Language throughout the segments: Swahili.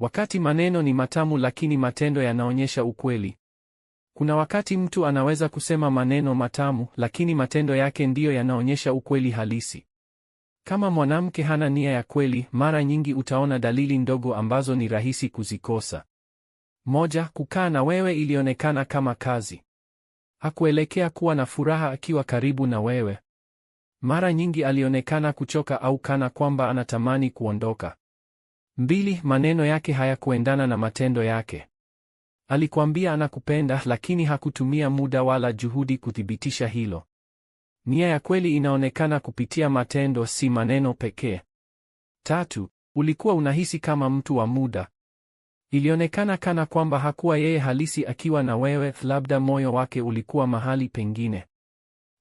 Wakati maneno ni matamu lakini matendo yanaonyesha ukweli. Kuna wakati mtu anaweza kusema maneno matamu lakini matendo yake ndiyo yanaonyesha ukweli halisi. Kama mwanamke hana nia ya kweli, mara nyingi utaona dalili ndogo ambazo ni rahisi kuzikosa. Moja, kukaa na wewe ilionekana kama kazi. Hakuelekea kuwa na furaha akiwa karibu na wewe. Mara nyingi alionekana kuchoka au kana kwamba anatamani kuondoka. Mbili, maneno yake hayakuendana na matendo yake. Alikwambia anakupenda lakini hakutumia muda wala juhudi kuthibitisha hilo. Nia ya kweli inaonekana kupitia matendo, si maneno pekee. Tatu, ulikuwa unahisi kama mtu wa muda. Ilionekana kana kwamba hakuwa yeye halisi akiwa na wewe, labda moyo wake ulikuwa mahali pengine.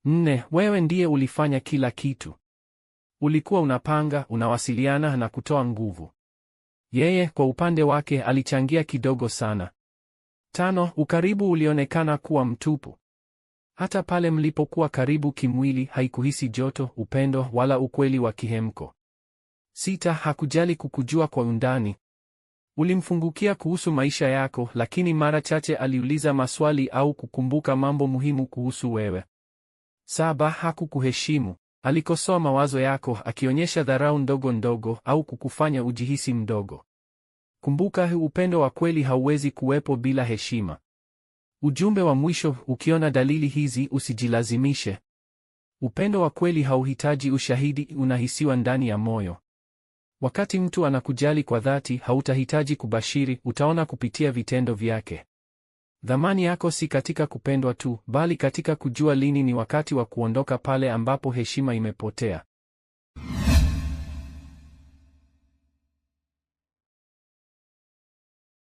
Nne, wewe ndiye ulifanya kila kitu. Ulikuwa unapanga, unawasiliana na kutoa nguvu. Yeye kwa upande wake alichangia kidogo sana. Tano, ukaribu ulionekana kuwa mtupu. Hata pale mlipokuwa karibu kimwili, haikuhisi joto, upendo wala ukweli wa kihemko. Sita, hakujali kukujua kwa undani. Ulimfungukia kuhusu maisha yako, lakini mara chache aliuliza maswali au kukumbuka mambo muhimu kuhusu wewe. Saba, hakukuheshimu. Alikosoa mawazo yako akionyesha dharau ndogo ndogo au kukufanya ujihisi mdogo. Kumbuka, upendo wa kweli hauwezi kuwepo bila heshima. Ujumbe wa mwisho: ukiona dalili hizi usijilazimishe. Upendo wa kweli hauhitaji ushahidi, unahisiwa ndani ya moyo. Wakati mtu anakujali kwa dhati, hautahitaji kubashiri, utaona kupitia vitendo vyake. Dhamani yako si katika kupendwa tu, bali katika kujua lini ni wakati wa kuondoka pale ambapo heshima imepotea.